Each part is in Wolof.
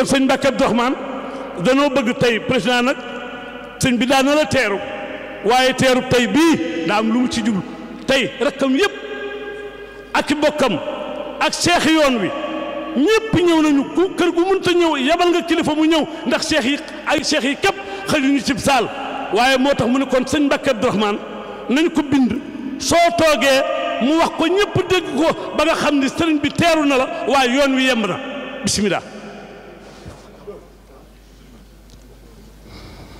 kon sëñ Mbàkke Abdourahmane danoo bëgg tey président nag sëñ bi daan teeru waaye teeru tey bii daa am lu mu ci jublu tey rakkam yëpp ak i bokkam ak seex yoon wi ñëpp ñëw nañu ku kër gu mënta ñëw yabal nga kilifa mu ñëw ndax seex yi ay seex yi képp xëjuñu cib saal waaye moo tax mu ne kon sëñ Mbàkke Abdourahmane nañ ko bind soo toogee mu wax ko ñëpp dégg ko ba nga xam ni sëriñ bi teeru na la waaye yoon wi yemb na bisimilah.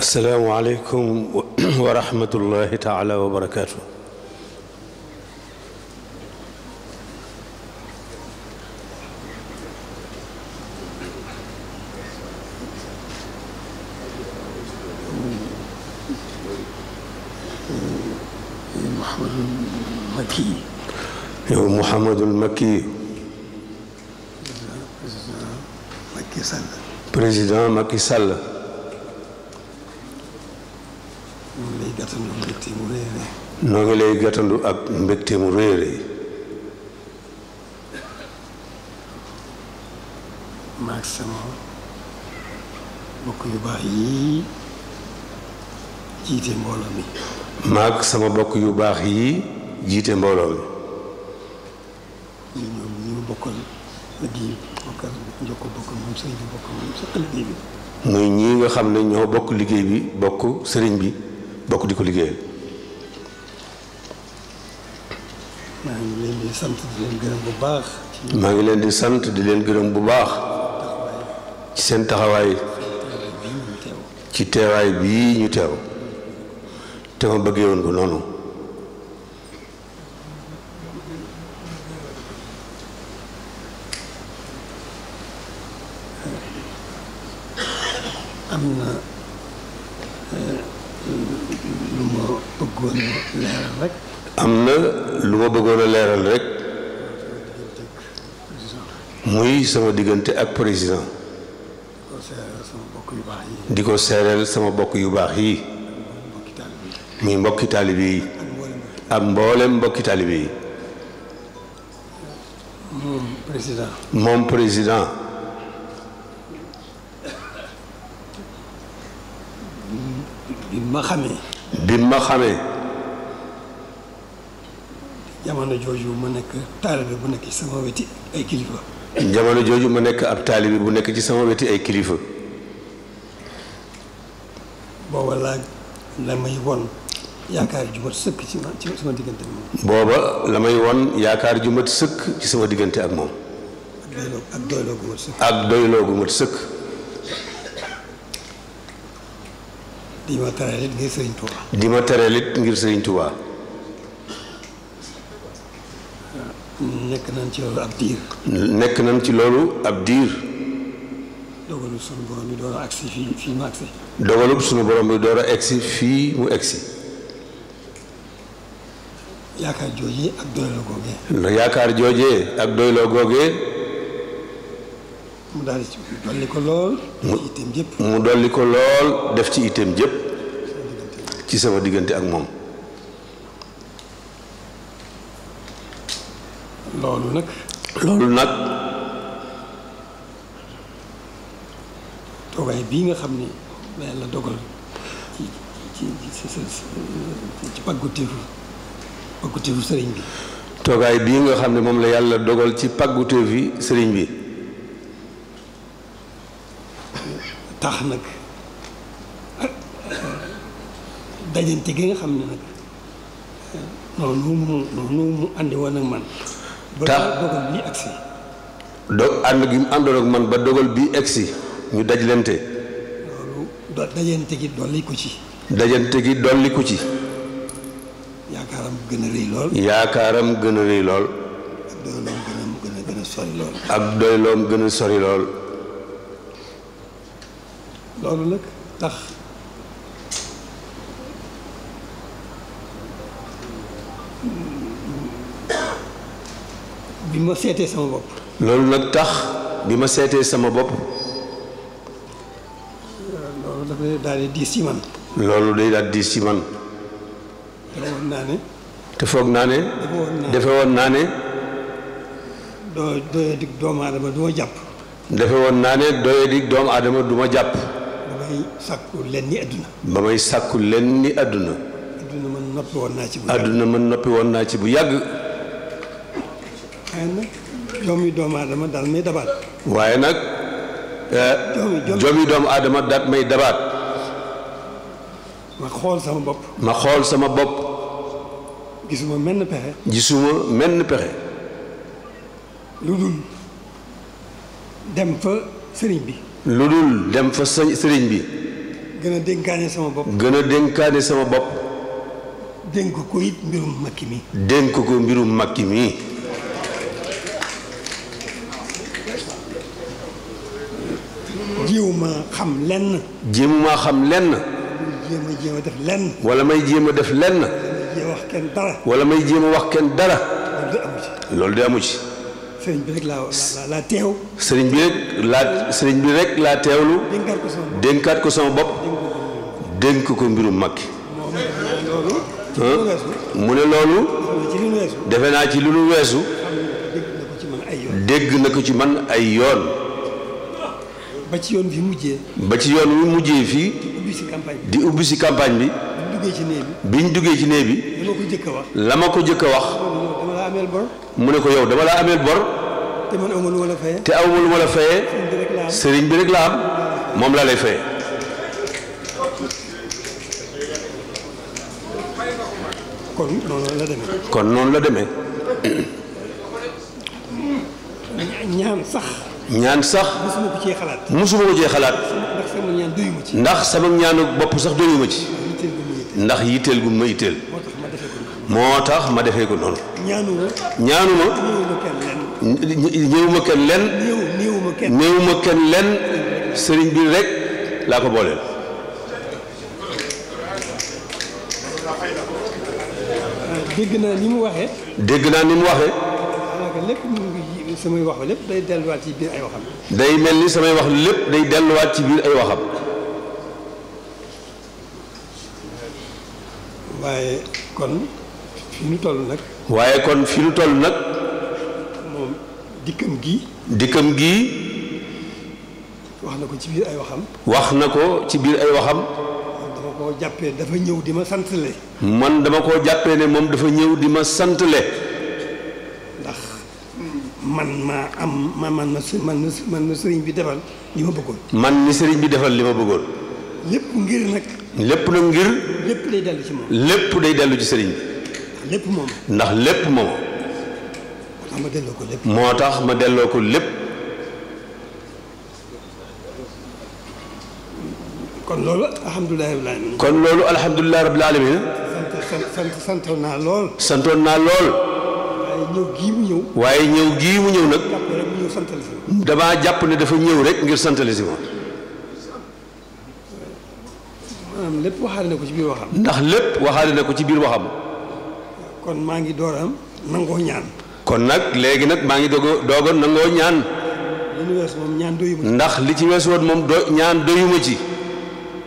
asalaamaaleykum wa rahmatullahi taala wa barakaatu. asalaamaaleykum wa rahmatullahi taala wa barakaatu. Muhammadul Makki. yow Muhammadul Makki. président Macky Sall. noo ngi lay gàttandu ak mbégte mu réere bokk yi jiite mbooloo sama bokk yu baax yi jiite mbooloo mi liggéey bokkal muy ñii nga xam ne ñoo bokk liggéey bi bokk sëriñ bi bokk di ko liggéeyal. baax. maa ngi leen di sant di leen gërëm bu baax. ci seen taxawaay. ci teewaay bii ñu teew. te ma bëggee woon ko noonu. lu ma bëggoon a leeral rek muy sama diggante ak président di ko seereel sama bokk yu baax yi muy mbokki taalibe yi ak mboolem mbokki taalibe yi moom président bi ma xamee ma xamee jamono jooju ma nekk taalibe bu nekk ci sama weti ay kilifa. jamono jooju ma nekk ab taalibe bu nekk ci sama weti ay kilifa. booba la la may won yaakaar ju mat sëkk ci sama diggante ak moom. won yaakaar ju mat sëkk ci sama diggante ak moom. ak doyloo gu sëkk. di ma tereel it ngir Serigne Touba. di ma tereel it ngir Serigne nekk nañ ci loolu ab diir. nekk nañ ci loolu ab diir. dogalub sunu borom bi door a agsi fii mu agsi. sunu borom bi door a fii mu agsi. yaakaar jooje ak doyloo googee. yaakaar jooje ak doyloo googee. mu daal ko lool. def ci itam jëpp mu dolli ko lool def ci itam jëpp. ci sama diggante ak moom. loolu nag. loolu nag. toogaay bii nga xam ni la yàlla dogal ci ci ci pàgguteefu pàgguteefu sëriñ bi. toogaay bii nga xam ne moom la yàlla dogal ci pàgguteefi sëriñ bi. tax nag dajante gi nga xam ne nag noonu mu noonu mu àndi ak man. ba dogal ànd gi mu àndoon man ba dogal bi agsi ñu dajlante loolu dajante gi dolli ci dajante gi dolli ci yaakaaram gën a rëy lool yaakaaram gën a rëy lool ak doyloom gën a sori lool loolu nag tax bi ma seetee sama bopp. loolu nag tax bi ma seetee sama bopp. loolu dafay daal di diis ci man. loolu day daal diis ci man. te foog naa ne. defe woon naa ne. doo doyee dig doomu aadama du jàpp. defe woon naa ne doyee doomu aadama du ma jàpp. ba may sàkku leen ni àdduna. ba may sàkku leen ni àdduna. àdduna man woon naa ci àdduna man noppi woon naa ci bu yàgg. waaye nag joom yi doomu aadama daal may dabaat. waaye nag. joom eh, yi aadama daal may dabaat. ma xool sama bopp. ma xool sama bopp. gisuma menn pexe. gisuma menn pexe. lu dul dem fa sëriñ bi. lu dul dem fa sëriñ bi. gën a dénkaane sama bopp. gën a dénkaane sama bopp. dénk ko it mbirum makki mii dénk ko mbirum makki mi. xam lenn. jéemumaa xam lenn. jéem a jéem wala may jéem a def lenn. wax wala may jéem wax kenn dara. loolu de amu ci. sëriñ bi rek laa teew. sëriñ bi rek laa sëriñ teewlu. dénkaat ko sama bopp. dénk ko mbirum mag. mu ne loolu. defe naa ci li nu weesu. dégg na ko ci man ay yoon. ba ci yoon bi mujjee. ba ci yoon wi mujjee fii. ubbi di ubbi ci campagne bi. bi ñu duggee ci néeg bi. la ma ko jëkk a wax. mu ne ko yow dama laa ameel bor. te man aw ma lu ma la fayee. sëriñ bi rek laa am moom la lay fayee. kon noonu la demee. kon noonu la deme ñaan ñaan sax musuma ko cee xalaat ndax sama ñaanu bopp sax doyuma ci ndax yitteel gu ma yitteel moo tax ma defee ko noonu ñaanu ma ñëwuma kenn lenn néewuma kenn lenn sëriñ bi rek laa ko booleel dégg naa ni mu waxee dégg naa ni mu samay wax lépp day delluwaat ci biir ay waxam. day mel ni samay wax lépp day delluwaat ci biir ay waxam. waaye kon fi nu toll nag. waaye kon fi nu toll nag. moom dikkam gii. dikkam gii. wax na ko ci biir ay waxam. wax na ko ci biir ay waxam. dama koo jàppee dafa ñëw di ma sant man dama koo jàppee ne moom dafa ñëw di ma sant man maa am man ma man man ma sëriñ bi defal li ma bëggoon. man ni sëriñ bi defal li ma bëggoon. lépp ngir nag. lépp nag ngir. lépp day dellu ci moom. lépp day dellu ci sëriñ bi. lépp moom. ndax lépp moom. moo tax ma delloo ko lépp. moo tax ma delloo ko kon loolu alhamdulilah rabbil alamin. kon santoon naa lool. santoon naa lool. ñëw gii mu ñëw. waaye ñëw gii mu ñëw nag. damaa jàpp ne dafa ñëw rek ngir santale si ma. maanaam lépp waxaale na ko ci biir waxam. ndax lépp waxaale na ko ci biir waxam. kon maa ngi door am nangoo ñaan. kon nag léegi nag maa ngi doog a doog a ñaan. li ndax li ci moom ñaan doyuma ci.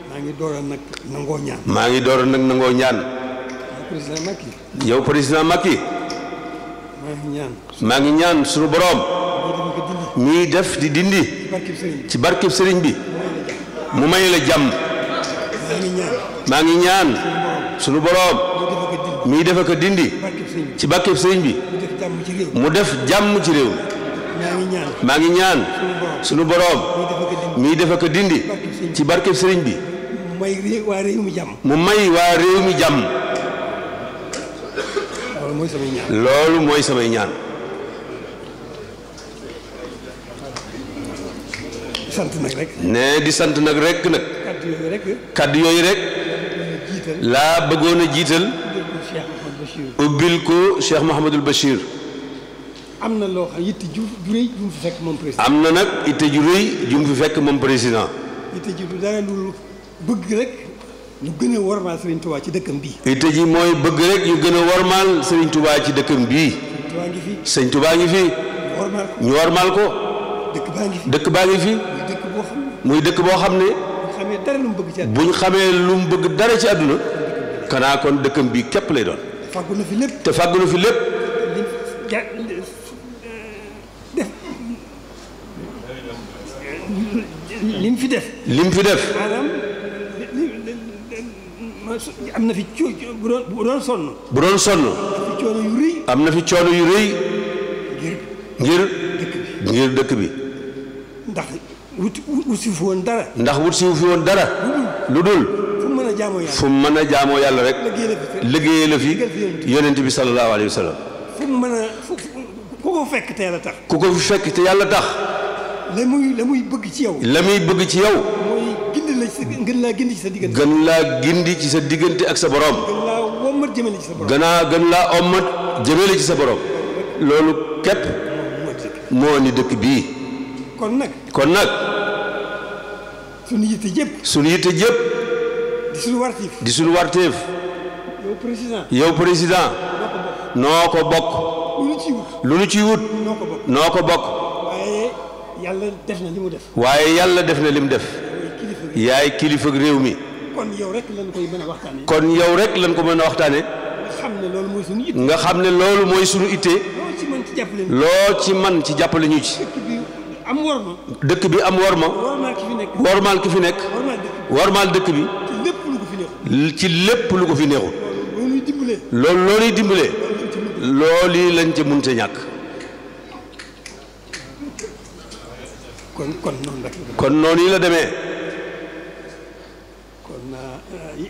maa ngi door nag nangoo ñaan. maa ngi door nag nangoo ñaan. yow président Macky. yow président Macky. maa ngi ñaan suñu boroom ñuy def di dindi ci barkeb sëriñ bi mu may la jàmm maa ngi ñaan suñu boroom ñuy def ak dindi ci barkeb bi mu def jàmm ci réew mi maa ngi ñaan suñu boroom ñuy def ak dindi ci barkeb sëriñ bi mu may waa réew mi jàmm loolu mooy samay ñaan. loolu mooy samay ñaan. di rek. nee di sant nag rek nag. kaddu yooyu rek. laa bëggoon a jiital. ubbil ko Cheikh Mouhamadul Bachir. am na loo xam yitte ju rëy ju mu fi fekk moom président. nag yitte ju rëy fi fekk moom président. ñu gën a warmaal Serigne Touba ci dëkkam bii. itte ji mooy bëgg rek ñu gën a warmaal Serigne Touba ci dëkkam bii. Serigne Touba ngi fi. ñu warmaal ko. dëkk baa ngi fi dëkk baa ngi fi. muy dëkk boo xam ne. bu xamee lu mu bëgg dara ci àdduna. kanaa kon dëkkam bii képp lay doon. fàggu na fi lépp te fàggu fi lépp. lim fi def. lim fi def. am na fi bu doon bu doon sonn. bu doon sonn. am na fi coono yu rëy. ngir ngir dëkk bi. ndax wut wut si fi woon dara. ndax wut si fi woon dara. lu dul. fu mu mën a jaamoo yàlla fu mu mën a jaamoo yàlla rek. liggéeyee la fi yonent bi sallallahu alayhi wa sallam. fu mu mën a ku ko fekk te yàlla tax. ku ko fekk te yàlla tax. la muy la muy bëgg ci yow. la muy bëgg ci yow. gën laa gindi ci sa diggante. gën laa gindi ci sa diggante ak sa borom. gën laa wommat jëmale ci sa borom. gën laa ommat jëmale ci sa borom. loolu képp moo ni dëkk bii. kon nag kon nag. suñu yitte jëpp. suñu yitte jëpp. di suñu warteef. di suñu warteef. yow président. yow président. noo ko bokk. lu nu ciy noo ko bokk. waaye yàlla def na li def. waaye yàlla def na li mu def. yaay kilifa réew mi. kon yow rek lañ koy mën a waxtaanee. yow rek lañ ko mën a waxtaane nga xam ne loolu mooy suñu itte. nga xam ne loolu mooy suñu itte. loo ci man ci jàppale ñu ci. dëkk bi am worma. wormaal ki fi nekk. wormaal dëkk bi. ci lépp lu ko fi neexul. loolu loo ñuy dimbalee. loolu yi lañ ci mënta ñàkk. kon noonu la demee.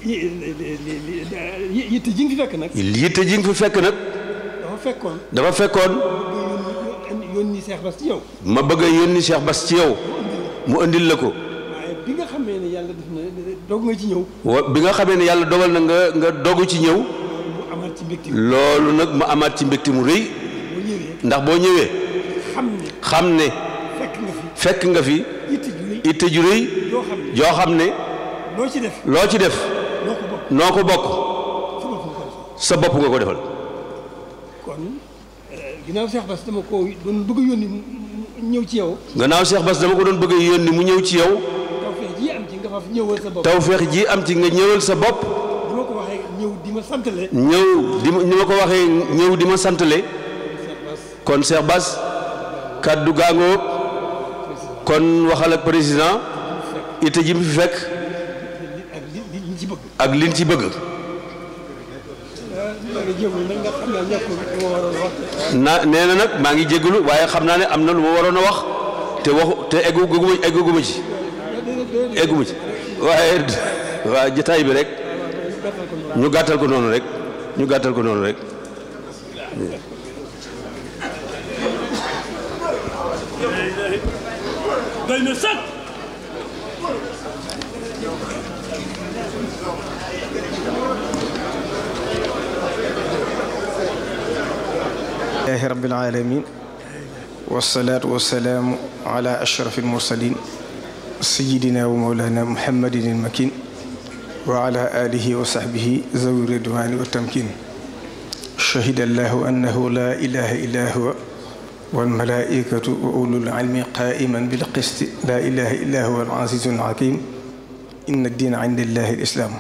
yitte ji nga fi fekk nag. yitte ji nga fi fekk nag. dafa fekkoon. dafa fekkoon. yónni Cheikh Bass ci yow. ma bëgg a yónni Cheikh Bass ci yow. mu indil la ko. waaye bi nga xamee ne yàlla ci ñëw. bi nga xamee ne yàlla dogal na nga nga dogu ci ñëw. loolu nag mu amaat ci mbégte mu rëy. ndax boo ñëwee. xam ne. fekk nga fi. itte ju rëy. joo xam ne. loo ci def. loo ci def. noo ko bokk sa bopp nga ko defal kon ginnaaw Cheikh Bass dama ko doon bëgg ñëw ci yow gannaaw Cheikh Bass dama ko doon bëgg yoon ni mu ñëw ci yow tawfeex ji am ci nga fa ñëwal sa bopp am ci nga ñëwal sa bopp bi ma ko ñëw di ma santale ma ko waxee ñëw di ma santale kon Cheikh bas kàddu gaangoo kon waxal ak président ite ji mu fi fekk ak liñ ci bëgg. na nee na nag maa ngi jégalu waaye xam naa ne am na lu ma waroon a wax te waxu te eggu eggu ci eggu ma ci waaye waa jotaay bi rek ñu gàttal ko noonu rek ñu gàttal ko noonu rek. alhamdulilahi rabbil alamin wasalaatu wasalaamu ala ashrafil mursalin sayidina wa mawlana muhammadin il makin wa ala alihi wa sahbihi zawi ridwani wa tamkin shahida allahu annahu la ilaha illa huwa wal malaikatu wa ulul ilmi qaiman bil qisti la ilaha illa huwa al azizul hakim inna ad-dina inda allahi al islam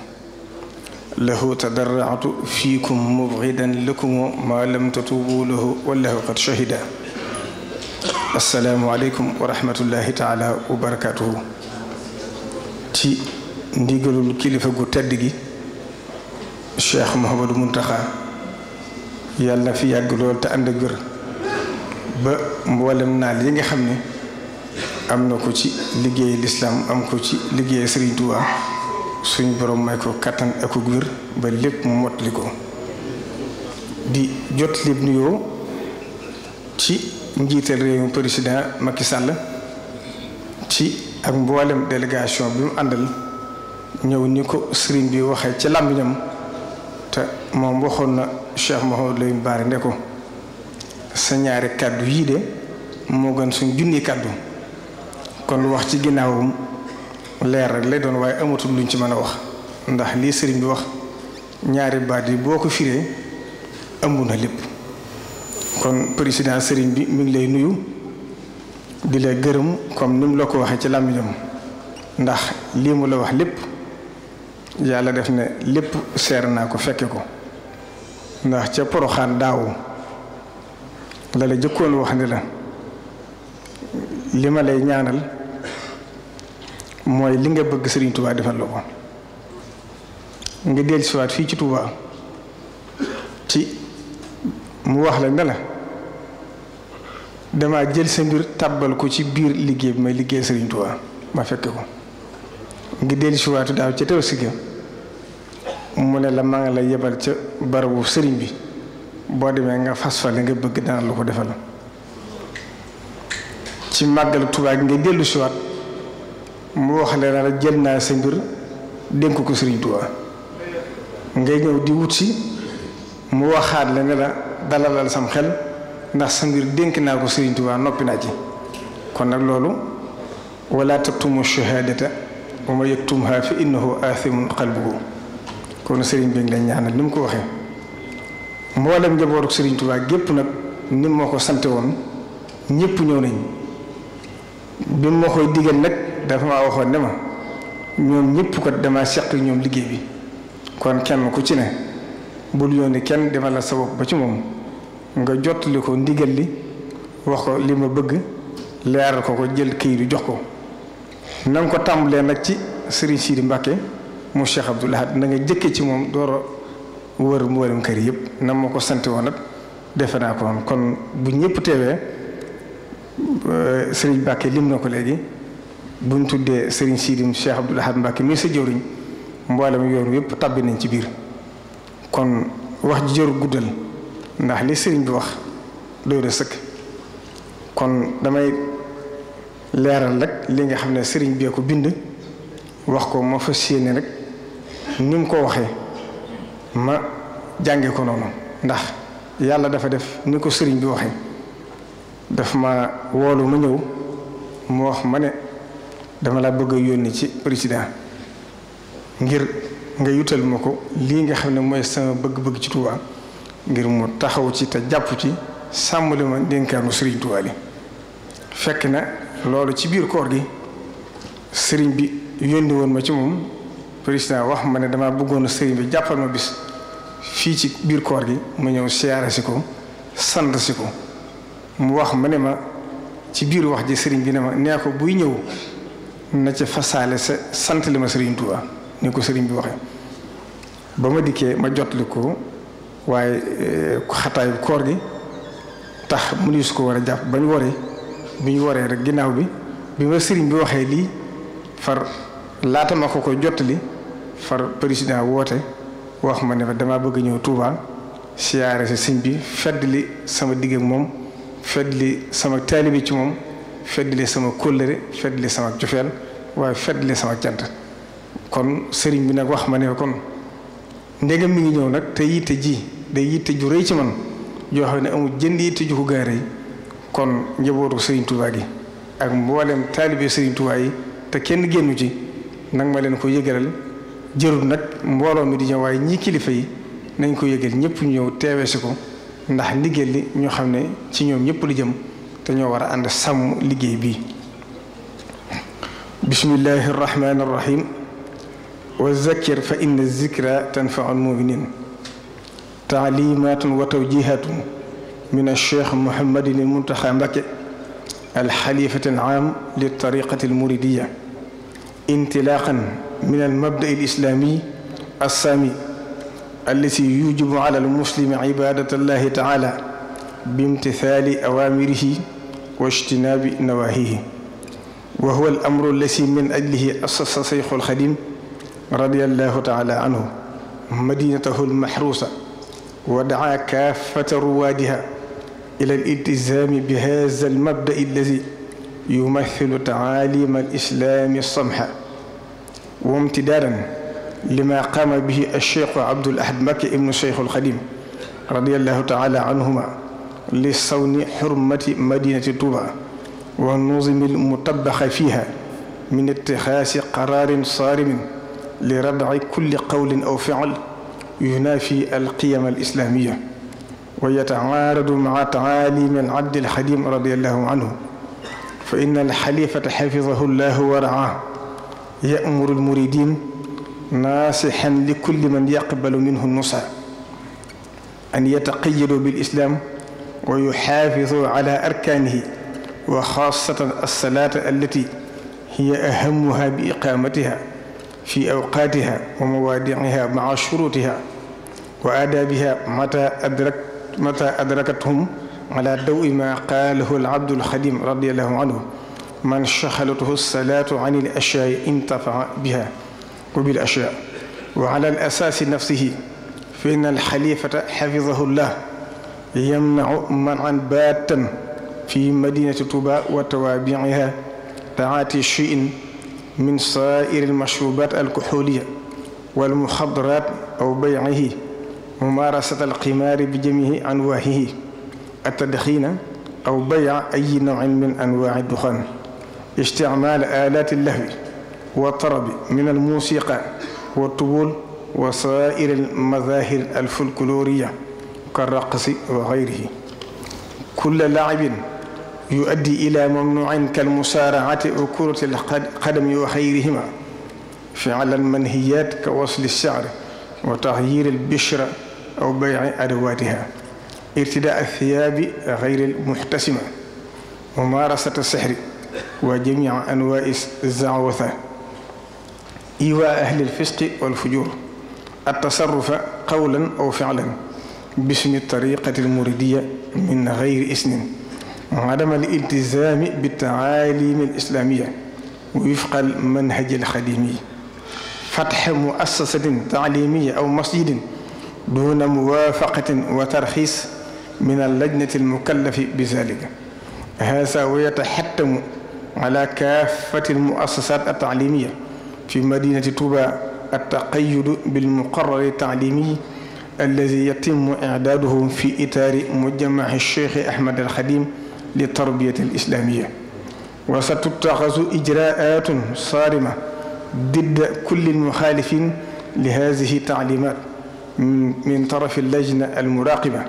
lahu tadarractu fiikum mubgidan lakum ma lam tatuubu lahu wallahu qad shahida assalaamu aleykum wa rahmatullahi wa barakatuhu ci ndigalul kilifa gu tedd gi cheikh Mouhamadou Mountakha na fi yàgg lool te ànd ak wér ba mboolem naal yi nga xam ni am na ko ci liggéey lislaam am ko ci liggéey Sëriñ suñ borom may ko kattan ak wér ba lépp mu mottali ko di jot li nuyoo ci njiital réew mi président Macky sàll ci ak mboolem délégation bi mu àndal ñëw ni ko sëriñ bi waxee ci làmbiñam te moom waxoon na Cheikh Mouhamadou Lamine Bara ne ko sa ñaari kàddu yii de moo gën suñ junni kàddu kon lu wax ci ginnaawam leer rek lay doon waaye amatul luñ ci mën a wax ndax lii sëriñ bi wax ñaari baat yi boo ko firee ëmb na lépp kon président sëriñ bi mu ngi lay nuyu di la gërëm comme ni mu la ko waxee ci làmmiñam ndax lii mu la wax lépp yàlla def ne lépp seer naa ko fekke ko ndax ca poroxaan daaw la la jëkkoon wax ni la li ma lay ñaanal mooy li nga bëgg Serigne Touba defal la ko nga siwaat fii ci Touba ci mu wax la ne dama jël sa mbir tàbbal ko ci biir liggéey bi may liggéey Serigne Touba ma fekke ko nga dellusiwaatu daal ca teew si mu ne la maa ngi la yebal ca barabu sëriñ bi boo demee nga fas fa li nga bëgg dana lu ko defal ci la Touba gi nga dellusiwaat. mu wax ne daal jël naa sa mbir dénk ko Serigne Touba ngay ñëw di wut si mu waxaat la ne la dalalal sam xel ndax sa mbir dénk naa ko Serigne Touba noppi naa ci kon nag loolu wala taktumu shahadata wa ma yaktumha fa innahu athimun qalbuhu kon Serigne bi lañ ñaanal ni mu ko waxee mboolem njabootu Serigne Touba gépp nag ni moo ko sante woon ñëpp ñëw nañ bi moo koy digal nag. dafa ma waxoon ne ma ñoom ñëpp ko dama seq ñoom liggéey bi kon kenn ku ci ne bul yónni kenn demal la sa ba ci moom nga jottali ko ndigal li wax ko li ma bëgg leeral ko ko jël këyit du jox ko nanga ko tàmbalee nag ci Serigne Sidi Mbacke mu Cheikh Abdoul Ahad na nga jëkkee ci moom door a wër mboolem kër yëpp na ma ko sante woon nag defe naa ko kon bu ñëpp teewee euh, Serigne Mbacke lim na ko léegi. bu ñu tuddee Serigne Sidim Cheikh Abdoul Ahad Mbacké mi sa jëwriñ mboolem yoon yëpp tabbi nañ ci biir kon wax ji jëru guddal ndax li sëriñ bi wax doy sëkk kon damay leeral rek li nga xam ne Serigne bee ko bind wax ko ma fas yéene rek ni mu ko waxee ma jànge ko noonu ndax yàlla dafa def ni ko sëriñ bi waxee daf ma woolu ma ñëw mu wax ma ne. dama laa bëgg a yónni ci président ngir nga yutal ma ko lii nga xam ne mooy sama bëgg-bëgg ci Touba ngir mu taxaw ci te jàpp ci sàmm li ma dénkaanu Serigne Touba li fekk na loolu ci biir koor gi sëriñ bi yónni woon ma ci moom président wax ma ne dama bëggoon Serigne bi jàppal ma bis fii ci biir koor gi mu ñëw siyaare si ko sant si ko mu wax ma ne ma ci biir wax ji sëriñ bi ne ma nee ko buy ñëw. na ca fasaale sa sant li ma sëriñ Tuubaa ni ko sëriñ bi waxe ba ma dikkee ma jotli ko waaye eh, xataayu koor gi tax mu ni su ko war a jàpp ba ñu waree bi ñu waree rek ginnaaw bi bi ma sëriñ bi waxee lii far laata ma ko ko jottali far président woote wax ma ne ma damaa bëgg ñëw Touba siyaare si sëñ bi fedd li sama digg moom fedd li sama taalibi ci moom feddali sama kóllëre feddali sama jofeel waaye feddali sama cant kon sëriñ bi nag wax ma ne kon ndegam mi ngi ñëw nag te yitte ji day yitte ju rëy ci man yoo xam ne amul jënd yitte ju ko gaare yi kon njabootu sëriñ Touba gi ak mboolem taalibe sëriñ Touba yi te kenn génnu ci nag ma leen ko yëgalal jërul nag mbooloo mi di ñëw waaye ñi kilifa yi nañ ko yëgal ñëpp ñëw teewee si ko ndax ndigal li ñoo xam ne ci ñoom ñëpp lu jëm te ñoo war a ànd sàmm liggéey bi bismillahi irrahmani irrahim wa zakkir fa inna zikra tanfaau lmuminin taalimatun wa tawjihatun min alcheikh mohammadin ilmuntaxa mbake alxalifati alam liltariqati almuridiya intilaqan min almabdai alislami alsami allati yujibu ala almuslimi ibadata allahi taala بامتثال أوامره واجتناب نواهيه وهو الأمر الذي من أجله أسس شيخ الخديم رضي الله تعالى عنه مدينته المحروسة ودعا كافة روادها إلى الالتزام بهذا المبدأ الذي يمثل تعاليم الإسلام الصمحة وامتدادا لما قام به الشيخ عبد الأحد مكي ابن الشيخ الخديم رضي الله تعالى عنهما li sawni xurmati madinati tuuba wa nuzimil mutabaxa fiiha min itixaasi qaraarin saarimin li radci kulli qawlin aw ficl yunaafi alqiyam alislamiya wa yatacaaradu maca tacaalimi alabdi alxadim radiallahu anhu fa in alxalifata xafidahu llahu wa racaa yamuru almuridin naasixan li kulli man yaqbalu minhu nusa an yataqayadu bil islam wa yuxaafisu ala arkaanihi wa xaasatan alsalaata allati hiya ahamuha bi iqaamatiha fi awqaatiha wa mawaadiciha maca shurutiha wa aadaabiha mata adrak mata adrakathum ala dawi ma qaalahu alabdu alxadim radiallahu anhu man shaxalatuhu alsalaatu an alashyaai intafaca biha wa bilasyaa wa ala alasaasi nafsihi fa in alxalifata xafidahu llah yamnau manan baatan fi madinati tuba wa tawaabiiha taati chuin min saairi almashrubat alkoxoliya walmuxadrat aw baycihi mumarasat alqimaari bi jamihi anwaahihi attadxiina aw bayca ayi nawcin min anwaaci duxaan isticmaal aalaati lahwi wa tarabi min almuusiqa wa tubul wa saairi almazahir alfolkloriya ka raqsi wa gayrihi kulla laabin yuaddi ila mamnuin kal musaaraati wa kurati alqadami wa xayrihima fiala almanhiyat ka wasli alshaar wa taxyir albishra aw bayci adawaatiha irtidaa althiyaabi gayri almuxtasima wa maarasat alsixri wa jamici anwaai alzaawatha iwa ahli alfisqi walfujur التصرف قولا أو فعلا bismi tariqati almuridiya min gayri isnin adama aliltisaami bitaalimi alislamiya wa wifqa almanhaji alxadimi fatxe muassasatin taalimiya aw masjidin duna muwaafaqatin wa tarxiis min allajnati almukallafi bizalika haasa wa yataxattamu ala kaafati almuassasat altaalimiya fi madinati tuba altaqayudu bilmuqarari taalimiyi alladi yatimu i'daaduhu fi itaari mujamaci cheikh ahmad alxadim li tarbiyati alislaamiya wa sa tuttaxasu ijraatun saarima didda kulli almuxaalifin li hadihi taalimat min tarafi allajna almuraaqiba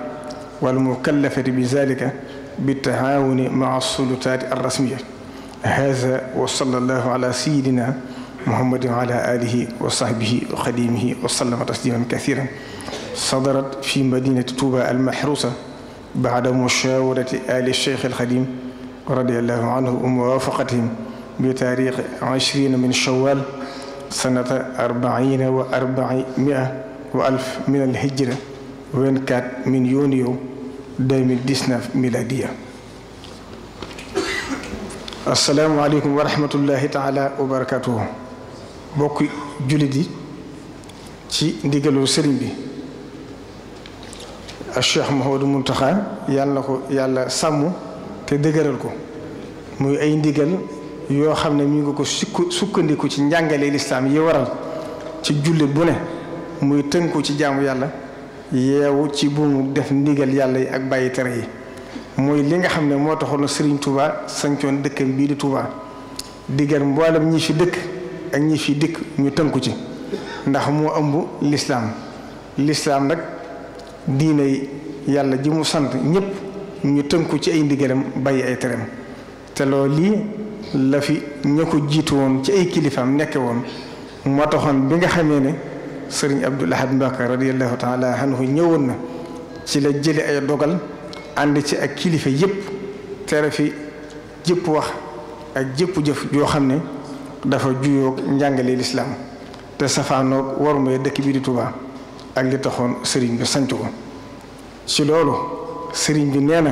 walmukallafati bizalika bitaawuni maca alsulutaati alrasmiya hada wa sallallahu ala sayidina muhammadin wa ala alihi wa sahbihi wa xadimihi wa sallama tasliman kathiran sadarat fi madinati tuuba almahrusa baada mushawarati ali cheikh alxadim radiallahu anhu wa muwafaqatihim bi taarix ishrina min shawal sanata arbaina wa arbai mia wa alf min alhijra 24 min yuniyo 2019 miladiya asalaamualeykum wa rahmatullahi taala wa barakatuhu bokk julit yi ci ndigalul sëriñ bi Cheikh Mouhamadou Mountakha yàlla na ko yàlla sàmm te dëgëral ko muy ay ndigal yoo xam ne mu ngi ko sukk sukkandiku ci njàngale lislaam yi waral ci jullit bu ne muy tënku ci jaamu yàlla yeewu ci buumu def ndigal yàlla yi ak bàyyi tere yi mooy li nga xam ne moo na Serigne Touba sancoon dëkkam bii di Touba digal mboolem ñi fi dëkk ak ñi fi dikk ñu tënku ci ndax moo ëmb lislaam lislaam nag diine yàlla ji mu sant ñëpp ñu tënku ci ay ndigalam bàyyi ay tereem te loo lii la fi ña jiitu woon ci ay kilifaam nekke woon moo bi nga xamee ne sëriñ Abdul Ahad Mbacké radiyallahu taala anhu ñëwoon na ci la jële ay dogal ànd ci ak kilifa yëpp tere fi jëpp wax ak jëpp jëf joo xam ne dafa juyoog njàngale lislaam te safaanoog warume dëkk bi di Tuubaa ak li taxoon sëriñ bi sanc ko ci loolu sëriñ bi nee na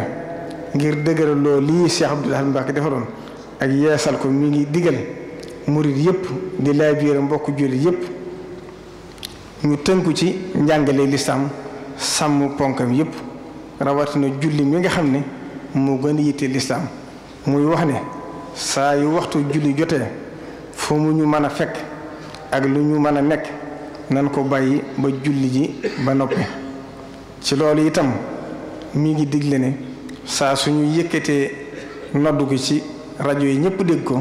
ngir dëgëral loo lii Cheikh Abdoul Ahad Mbacké defaroon ak yeesal ko mi ngi digal murit yëpp di laaj biir mbokk jullit yëpp ñu tënku ci njàngale lislaam sàmm ponkam yëpp rawatina julli mi nga xam ne moo gën a yitte lislaam muy wax ne saa yu waxtu julli jotee fu mu ñu mën a fekk ak lu ñu mën a nekk nan ko bàyyi ba julli ji ba noppi ci loolu itam mi ngi digle ne saa suñu yëkkëtee noddu ko ci rajo yi ñëpp dégg ko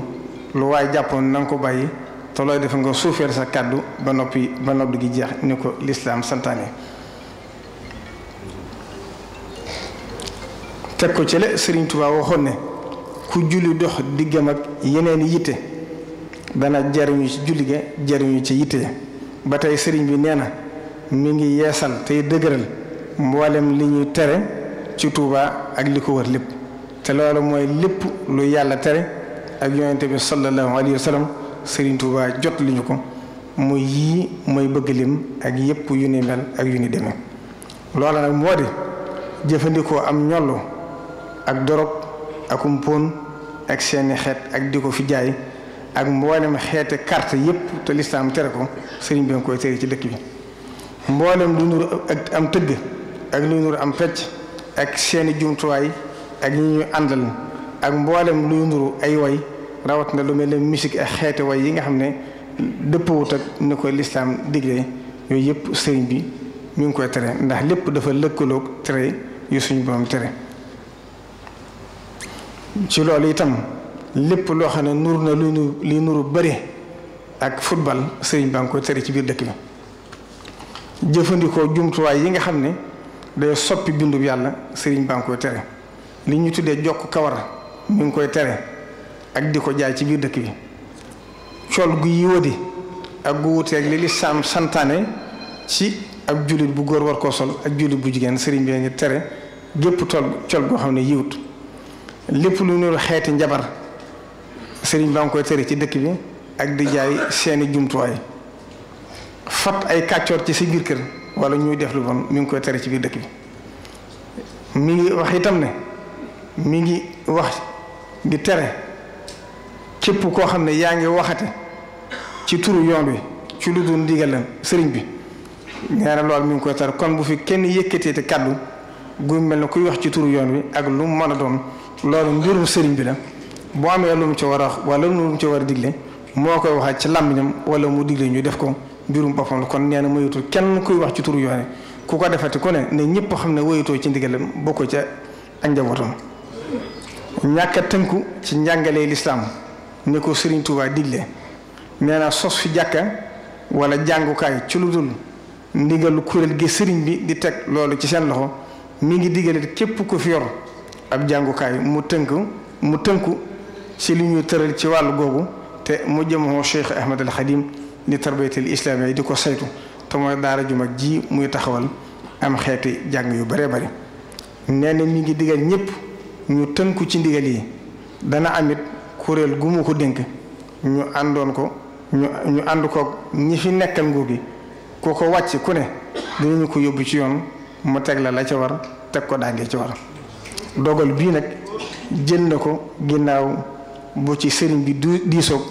lu waaye jàppoon na ko bàyyi te looy def nga suufeel sa kàddu ba noppi ba noddu gi jeex ni ko lislaam santaane teg ko ci la Sëriñ Tuubaa waxoon ne ku julli dox diggam ak yeneen yitte dana jariñu ci julli jariñu ci yitte ba tey sëriñ bi nee na mu ngi yeesal tey dëgëral mboolem li ñuy tere ci tuuba ak li ko wër lépp te loolu mooy lépp lu yàlla tere ak yonente bi sallallahu alayhi wa sëriñ Touba jot li ñu ko mu yii mooy bëgg lim ak yépp yu ni mel ak yu ni demee loola nag moo di jëfandikoo am ñollu ak dorog akum póon ak seeni xeet ak di ko fi jaay ak mboolem xeete carte yëpp te lislaam tere ko sëriñ bi nga koy tere ci dëkk bi mboolem lu nur ak am tëgg ak lu nur am fecc ak seeni jumtuwaay ak ñi ñuy àndal ak mboolem luy nuru ay way rawat na lu mel ne musique ak xeete way yi nga xam ne dëppawut ak ni koy lislaam digle yooyu yëpp sëriñ bi mi ngi koy tere ndax lépp dafa lëkkalook tere yu suñu borom tere ci loolu itam lépp loo xam ne nur na lu nu li nuru bëri ak football sëriñ baa ngi koy tere ci biir dëkk bi jëfandikoo jumtuwaay yi nga xam ne day soppi bindub yàlla sëriñ baa ngi koy tere li ñu tuddee jokk kawar ñu ngi koy tere ak di ko jaay ci biir dëkk bi col gu yiwadi ak gu wuteeg li li saam santaane ci ak jullit bu góor war koo sol ak jullit bu jigéen sëriñ bi ngi tere gépp tol col goo xam ne yiwut lépp lu nuru xeeti njabar sëriñ baa ngi koy tere ci dëkk bi ak di jaay seeni jumtuwaay fat ay kàccoor ci si biir kër wala ñuy def lu bon mi ngi koy tere ci biir dëkk bi mi ngi wax itam ne mi ngi wax di tere képp koo xam ne yaa ngi waxate ci turu yoon wi ci lu dul ndigalam sëriñ bi ñaare loolu mu ngi koy tere kon bu fi kenn yëkkatee te kàddu gu mel ne kuy wax ci turu yoon wi ak lu mën a doon loolu mbirum sëriñ bi la boo amee lu mu ci war a wax wala lu mu war a digle moo koy waxaat ci làmmiñam wala mu digle ñu def ko mbirum boppam la kon nee na moytu kenn kuy wax ci turu yoone ku ko defati ku ne ne ñëpp xam ne woyatoo ci ndigalam bokkoo ca ak njabootam ñàkk a tënku ci njàngalee lislaam ni ko Serigne Touba digle nee na sos fi jàkka wala jàngukaay ci lu dul ndigalu kuréel gi Serigne bi di teg loolu ci seen loxo mu ngi digale képp ko fi yor ab jàngukaay mu tënku mu tënku. ci li ñu tëral ci wàllu googu te mu jëmoo Cheikh Ahmed Al Khadim li tarbiyatul islam yi di ko saytu te mooy daara ju mag ji muy taxawal am xeeti jàng yu bare bari nee na mi ngi digal ñëpp ñu tënku ci ndigal yi dana amit kuréel gu mu ko dénk ñu àndoon ko ñu ànd ko ñi fi nekkal nguur yi ku ko wàcc ku ne dinañu ko yóbbu ci yoon mu teg la la ci war teg ko daangee ci war dogal bii nag jël na ko ginnaaw bu ci sëriñ bi du diisoog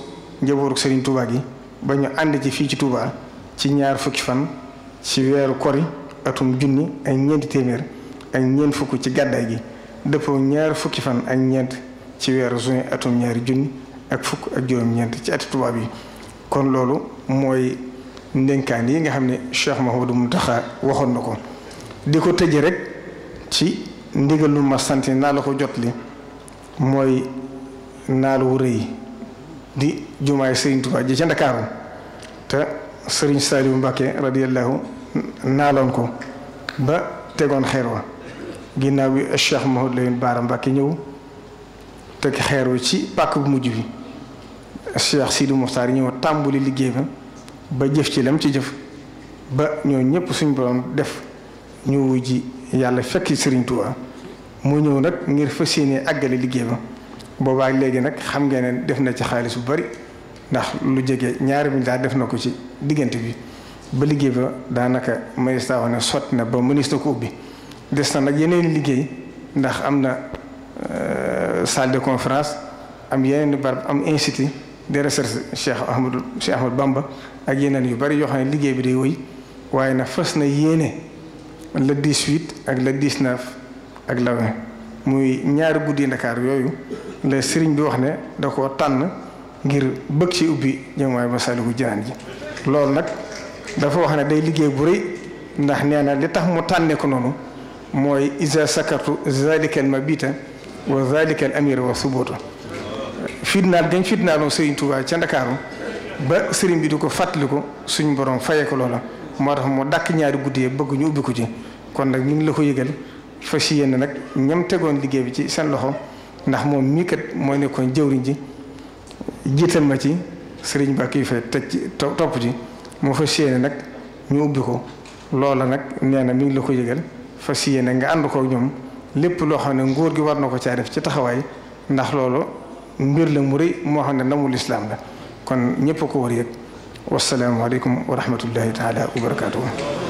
njabootu sëriñ Touba gi ba ñu ànd ci fii ci Touba ci ñaar fukki fan ci weeru kori atum junni ak ñeenti téeméer ak ñeent fukk ci gàddaay gi dëppoo ñaar fukki fan ak ñeent ci weeru juin atum ñaari junni ak fukk ak juróom-ñeent ci ati Touba yi kon loolu mooy ndénkaan yi nga xam ne Cheikh mu Mountakha waxoon na ko di ko tëje rek ci ndigal lu ma naa la ko jot li mooy naal wu rëy di jumaay Serigne Touba ji ca Ndakaaru te sëriñ Saliou Mbacké radiyallahu naaloon ko ba tegoon xeer wa ginnaaw bi Cheikh Mouhamadou Lamine Bara Mbacké ñëw teg xeer wa ci pàkk bu mujj bi Cheikh Sidi Moukhtar ñëw tàmbuli liggéey ba ba jëf ci lam ci jëf ba ñoo ñëpp suñ borom def ñu wuji yàlla fekk Serigne Touba mu ñëw nag ngir fas yéene àggale liggéey ba boobaa léegi nag xam nga ne def na ci xaalis bu bari ndax lu jege ñaari milliards def na ko ci diggante bi ba liggéey ba daanaka ministre wax ne sotti na ba ministre ko ubbi des na nag yeneen liggéey ndax am na euh, salle de conférence am yeneen barab am institut de recherche Cheikh Ahmadou Cheikh Ahmadou Bamba ak yeneen yu bari yoo xam ne liggéey bi day wëy waaye nag fas na yéene le 18 ak le 19 ak le muy ñaari guddi Ndakaar yooyu la sëriñ bi wax ne da ko tànn ngir bëgg ci ubbi jamaay Masaalikul jaan ji loolu nag dafa wax ne day liggéey bu rëy ndax nee na li tax mu tànne ko noonu mooy isa sakartu zalikal mabita wa zalikal amira wa subuta fitnaal gañ fitnaaloon sëriñ Tuubaa ca Ndakaaru ba sëriñ bi di ko fàttaliku suñu borom faye ko loola moo tax mu dàkk ñaari guddi yee bëgg ñu ubbi ko ci kon nag ñu ngi la ko yëgal fas yéene nag ñam tegoon liggéey bi ci seen loxo ndax moom mii kat mooy nekkoon jëwriñ ji jiital ma ci sëriñ ba kii fa teg ci topp ci moo fas yéene nag ñu ubbi ko loola nag nee na mi ngi la ko yëgal fas yéene nga ànd koo ñoom lépp loo xam ne nguur gi war na ko caa def ci taxawaay ndax loolu mbir la mu rëy moo xam ne namul islaam la kon ñëpp a ko war yëg wasalaamualeykum wa rahmatullahi taala wa barakaatu.